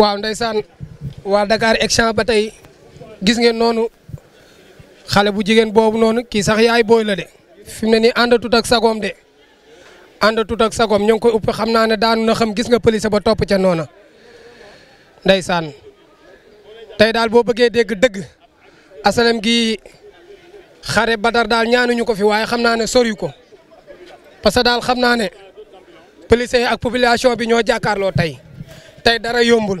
waaw ndeysaan waa Dakar Action ba tey gis ngeen noonu xale bu jigéen boobu noonu kii sax yaay booy la de fi mu ne nii àndatut ak sagoom de àndatut ak sagoom ñoo ngi koy upp xam naa ne daanu na xam gis nga police ba topp ca noona ndeysaan tey daal boo bëggee dégg dëgg asalem gi xare Badar daal ñaanuñu ko fi waaye xam naa ne sori ko parce que daal xam naa ne police ak population bi ñoo jàkkaarloo tey tey dara yombul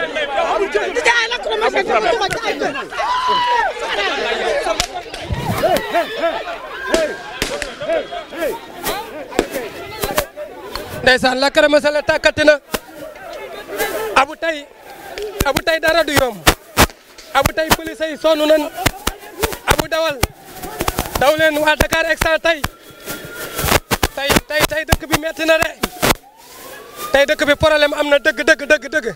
ndeysaan la Karamasala la tàkkati na abu tey abu tey dara du yomb abu tey police yi sonn nañ abu dawal daw leen waa Dakar Instant tey tey tey dëkk bi metti na de dëkk bi problème am na dëgg dëgg dëgg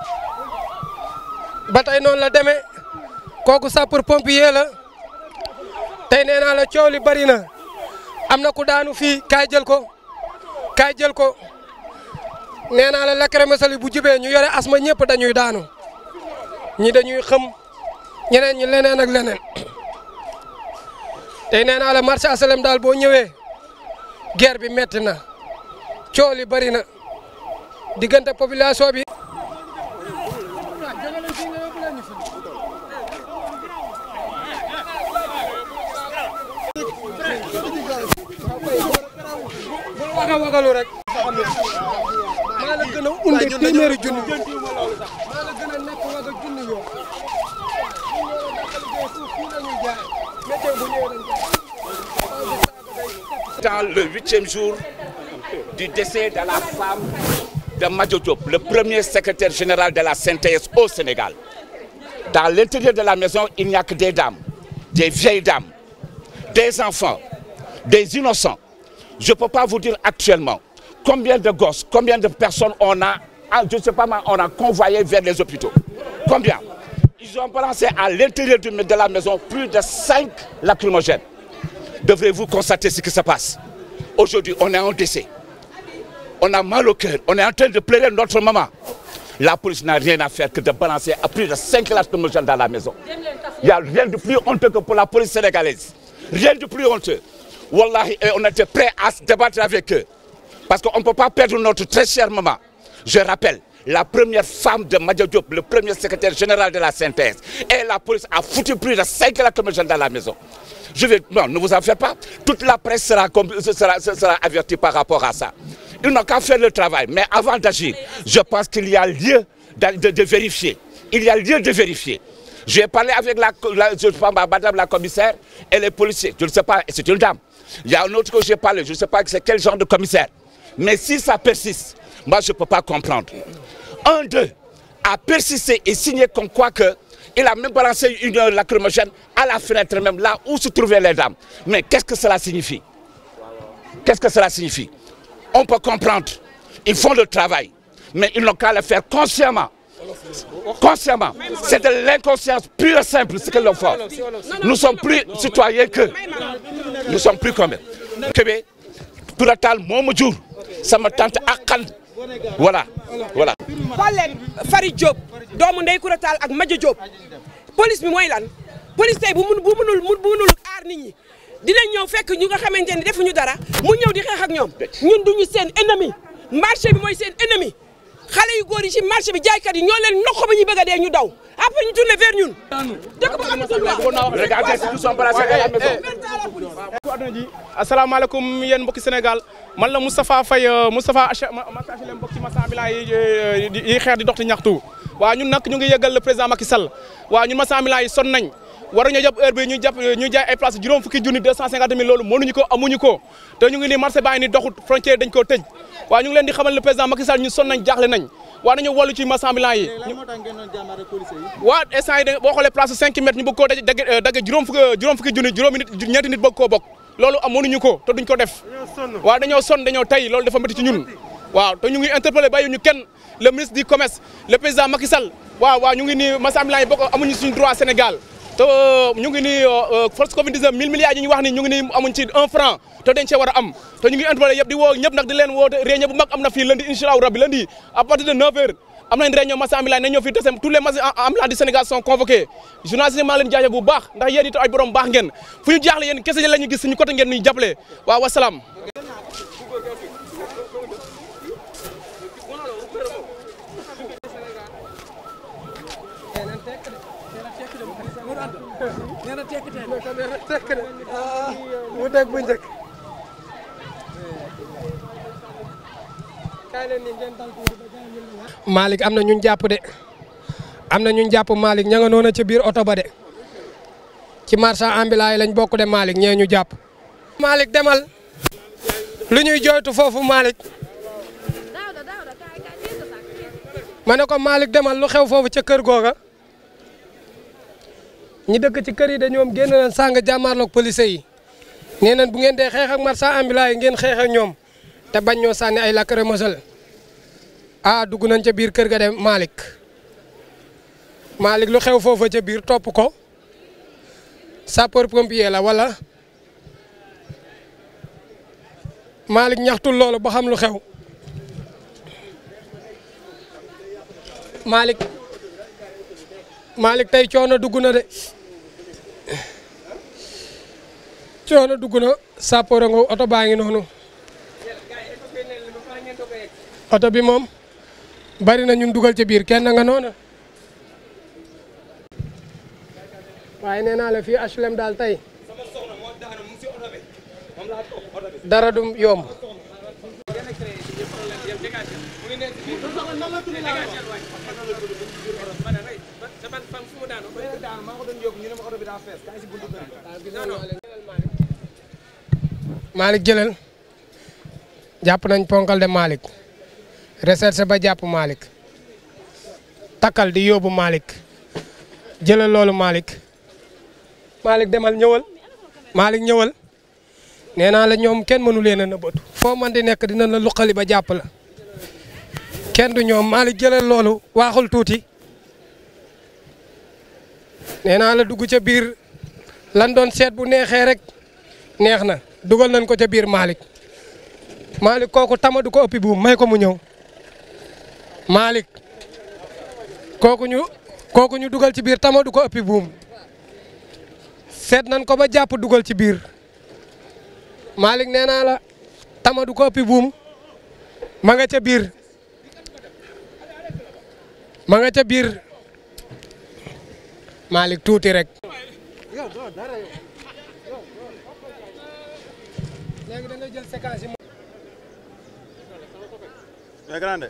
ba tey noonu la demee kooku sapeur pompier la tey nee naa la coow li bari na am na ku daanu fii kaay jël ko kaay jël ko nee naa la lacrymogène bu jibee ñu yore asma ñëpp dañuy daanu ñi dañuy xëm ñeneen ñi leneen ak leneen tey nee naa la marché asalem daal boo ñëwee guerre bi metti na coow li bari na diggante population bi. dans le huitième jour du décès de la femme de Madjo le premier secrétaire général de la synthèse au Sénégal. Dans l'intérieur de la maison, il n'y a que des dames, des vieilles dames, des enfants, des innocents. Je ne peux pas vous dire actuellement Combien de gosses, combien de personnes on a, ah, je ne sais pas, on a convoyé vers les hôpitaux Combien Ils ont balancé à l'intérieur de la maison plus de 5 lacrymogènes. Devrez-vous constater ce qui se passe Aujourd'hui, on est en décès. On a mal au cœur. On est en train de pleurer notre maman. La police n'a rien à faire que de balancer à plus de 5 lacrymogènes dans la maison. Il n'y a rien de plus honteux que pour la police sénégalaise. Rien de plus honteux. Eh, on était prêts à se débattre avec eux. Parce qu'on ne peut pas perdre notre très cher maman. Je rappelle, la première femme de Madia Diop, le premier secrétaire général de la synthèse. Et la police a foutu plus de 5 lacrymogènes dans la maison. Je vais, non, ne vous en faites pas. Toute la presse sera, sera, sera avertie par rapport à ça. Ils n'ont qu'à faire le travail. Mais avant d'agir, je pense qu'il y a lieu de, vérifier. Il y a lieu de vérifier. J'ai parlé avec la, madame la commissaire et les policiers. Je ne sais pas, c'est une dame. Il y a un autre que j'ai parlé, je ne sais pas c'est quel genre de commissaire. Mais si ça persiste, moi je ne peux pas comprendre. Un d'eux a persisté et signé comme quoi que il a même balancé une lacrymogène à la fenêtre même, là où se trouvaient les dames. Mais qu'est-ce que cela signifie Qu'est-ce que cela signifie On peut comprendre. Ils font le travail, mais ils n'ont qu'à le faire consciemment. Consciemment. C'est de l'inconscience pure et simple ce qu'ils font. Nous sommes plus citoyens que. Nous sommes plus comme eux. Pour tout le temps, sama tànt Akal voilà voilà. xool leen Fary Diop doomu Ndeye Koura Tall ak Madja Diop police bi mooy lan police tey bu mun bu munul bu munul aar nit ñi dinañ ñëw fekk ñu nga xamante ne defuñu dara mu ñëw di xeex ak ñoom ñun duñu seen ennemi marché bi mooy seen ennemi. xale yu góor yi ci marché bi jaaykat yi ñoo leen noqo ñu bëgg a dee ñu daw après ñu tourné vers ñun dëkk ba amatul loi mbokku àdduna ji asalaamaaleykum yéen mbokki Sénégal man la Moustapha Faye euh, Moustapha masahi leen mbokk ci masamila yi euh, xeer di dox ti ñaxtu waaw ñun nag ñu ngi yëgal le président Macky Sall waaw ñun masamila yi son nañ waruñu jàpp heure bi ñu jàpp ñu jaay ay place juróom son nañ jaaxle nañ waa nañu wàllu ci masambilan yi waa instant yi boo place cinq ñu bëgg koo dagg dagg fukki juróom fukki nit ñeenti koo bokk loolu am mënuñu ko te duñ ko def waaw son sonn dañoo tey loolu dafa métti ci ñun waaw te ñu ngi interpellé bàyyi ñu kenn le ministre du commerce le président Macky waaw waaw ñu ngi nii masambilan yi bokk suñu droit Sénégal te euh, ñu ngi nii euh, euh, force covid 19 mille milliards yi ñu wax ni ñu ngi nii amuñ ci un franc a am te ñu ngi interpellé di woo ñëpp nag di leen woo réunion bu mag am na fii lundi incha rabbi lundi à de 9 heures amna nañ réunion massa ambulant ne ñoo fi tase tous les amla du Sénégal sont convoqués journalistes yi maa leen jaajëf bu baax ndax yéen it ay borom baax ngeen fu ñu gis suñu côté ngeen Malik, amna na ñun japp de am na ñun japp malik ñanga nona ci biir auto ba de ci marchand ambulant lañ bokku de malik ñee ñu jàpp. Malik demal lu ñuy jooytu foofu Malik. ma ko demal lu xew fofu ci kër goga ñi dëkk ci kër yi de ñoom na sang sàng lok police yi nee bu ngeen dee xex ak marchand ambulant ngeen xex ak ñoom té bañ ñoo sanni ay ah dugg nañ ca biir kër ga dem Malick Malick lu xew foofa ca biir topp ko sapeur pompier la wala Malick ñaxtul loolu ba xam lu xew Malick Malick tey coono dugg na de coono dugg na sapeur nga oto baa ngi noonu oto bi moom bari na ñu dugal ci biir kenn nga noona waaye nee naa la fii HLM daal tey dara du yomb. Malick jëlal jàpp nañ ponkal de Malick. Reser ba japp malik takal di yobu malik jeul loolu malik malik demal ñewal malik ñewal neena la ñom kenn mënu leena a fo man di nek dina la luqali ba japp la kenn du ñom malik jeul loolu waxul tuti neena la duggu ci bir lan doon set bu neexee rek nexna duggal nañ ko ci bir malik malik kooku tamadu ko ëppi bu may ko mu ñew Malik, koku ñu koku ñu dugal ci biir tamo du ko uppi boom set nan ko ba japp dugal ci biir malik neena api la tamo du ko uppi Malik ma nga ca biir ma nga ca biir malik tuti rek da nga jël séquence yi